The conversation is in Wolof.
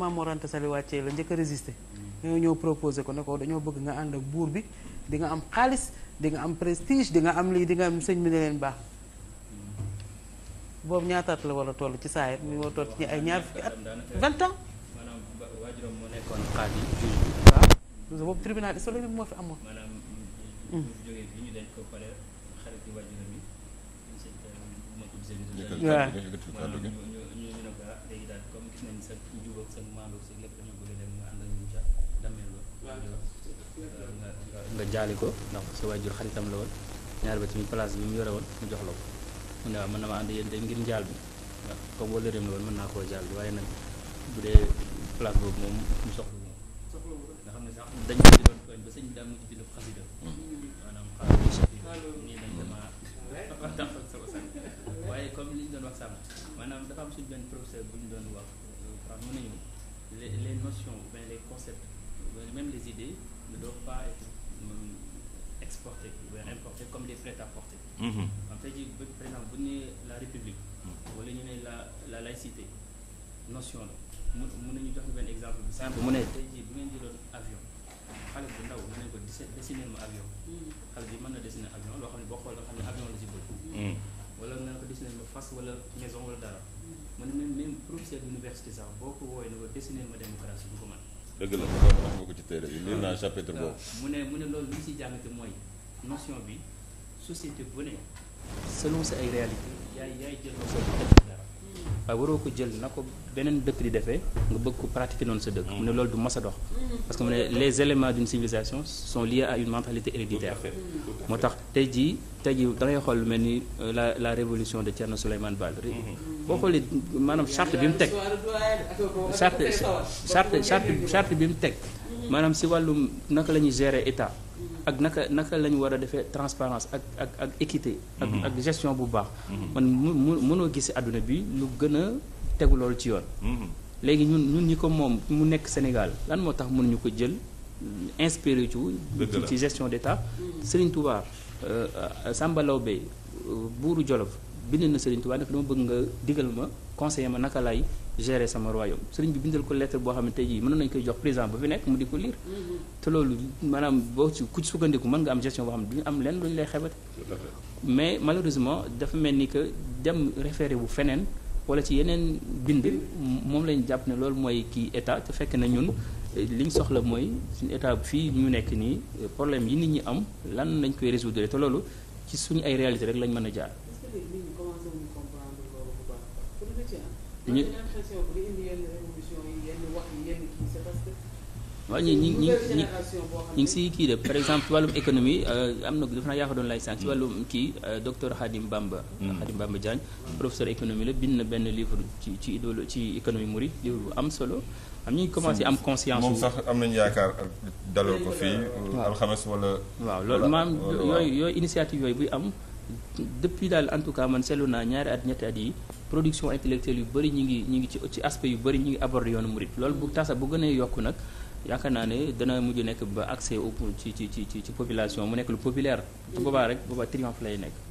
Maam Mor Anta Sali wàccee la njëkk a résister ñoo ñëw proposé ko ne ko dañoo bëgg nga ànd ak buur bi di nga am xaalis di nga am prestige dinga am lii dinga am sëñ bi ne leen baax boobu ñaataat la war a toll ci saa mi war a toll ci ay ñaar fukki at vingt ans maanaam waajuram moo nekkoon xaadi waaw boobu moo fi amoon comme sa njub ak sa maandu si lépp dañoo bëgg a dem nga jaali ko ndax sa waajur xaritam la woon ñaar ba tamit place bi mu yore woon mu jox la ko mu ne waaw mën na ma ànd yéen de ngir njaal bi ndax comme wala réem la woon mën naa koo jaal bi waaye nag bu dee place boobu moom mu soxla moom nga xam ne sax dañ ci doon tooñ ba sëñ bi wax sànq maanaam dafa am suñ benn professeur bu ñu doon wax wax mën nañu les les notions ou bien les concepts même les idées ne doivent pas être exportées ou bien importées comme des prêt-à-porter. xam mm-hmm. jii bu nee la république. Mm. wala ñu ne la la laïcité notion la mu mun nañu jox benn exemple bu simple mu ne tey jii bu ngeen jëloon avion xale bu ndaw mu ne ko dessiné ma avion mm. xale bi mën na dessiné avion. fas wala maison wala dara mu ne même même professeur d'université sax boo ko wooyee ne ko dessiné ma démocratie du ko mën. dëgg la loolu wax nga ko ci téere bi lire naa chapitre boobu. mu ne mu ne loolu li ñu siy jàngate mooy notion bi société bu ne selon sa ay réalité yaay yaay jël waaye waroo ko jël na ko beneen dëkk di defee nga bëgg ko pratiquer noonu sa dëkk mm. mu ne loolu du mas dox parce que mu ne les éléments d'une civilisation sont liés à une mentalité héréditaire moo tax tey jii tey jii da ngay xool lu mel ni euh, la la révolution de Thierno Souleymane Baal mm-hmm. boo xoolee maanaam charte bi mu teg charte charte chart chart bi mu teg maanaam si wàllum naka la ñuy gérer état ak naka naka lañu war a defee transparence ak ak ak équité. ak mhm. gestion bu baax. Mhm. man mu mu mënoo gis àdduna bi lu gën a tegu loolu ci yoon. Mhm. léegi ñun ñun ñi ko moom mu nekk Sénégal lan moo tax mënuñu ko jël inspiré ci ci gestion d'état Serigne Touba euh, euh, Samba Lawbe euh, buuru Jolof. bind na Serigne Touba nag dama bëgg nga digal ma conseiller ma naka laay gérer sama royaume Serigne bi bindal ko lettre boo xam ne tey jii mënoon nañu koy jox président ba fi nekk mu di ko lire. Mm-hmm. te maanaam boo ci ku sukkandiku mën nga am gestion boo xam ne ñu am lenn lu ñu lay xebate. mais malheureusement dafa mel ni que dem référé bu feneen wala ci yeneen bind moom lañ jàpp ne loolu mooy kii état te fekk na ñun. li ñu soxla mooy suñu état fii ñu nekk nii problème yi nit ñi am lan lañ koy résoudre te loolu ci suñu ay réalité rek lañ mën a jaar ñu waaw ñi ñi ñi si kii de par exemple ci wàllum économie euh, am na dafa naa yaa ko doon laaj sànq ci wàllum kii euh, docteur Khadim Bamba mm. Khadim Bamba Diagne professeur économie la bind na benn livre ci ci idéologie ci économie mouride livre bu am solo am ñu commencé am conscience moom sax am nañu yaakaar daloo ko fii alxames wala waaw loolu maam yooyu yooyu initiative yooyu buy am depuis daal en tout cas man seetlu naa ñaari at ñetti at yi production intellectuelle yu bëri ñi ngi ñi ngi ci ci aspect yu bëri ñi ngi aborder yoonu murit loolu bu tasa bu a yokk nag yaakaar naa ne dana mujj nekk ba accès au ci ci ci ci population mu nekk lu populaire. te boobaa rek boobaa triomphe lay nekk.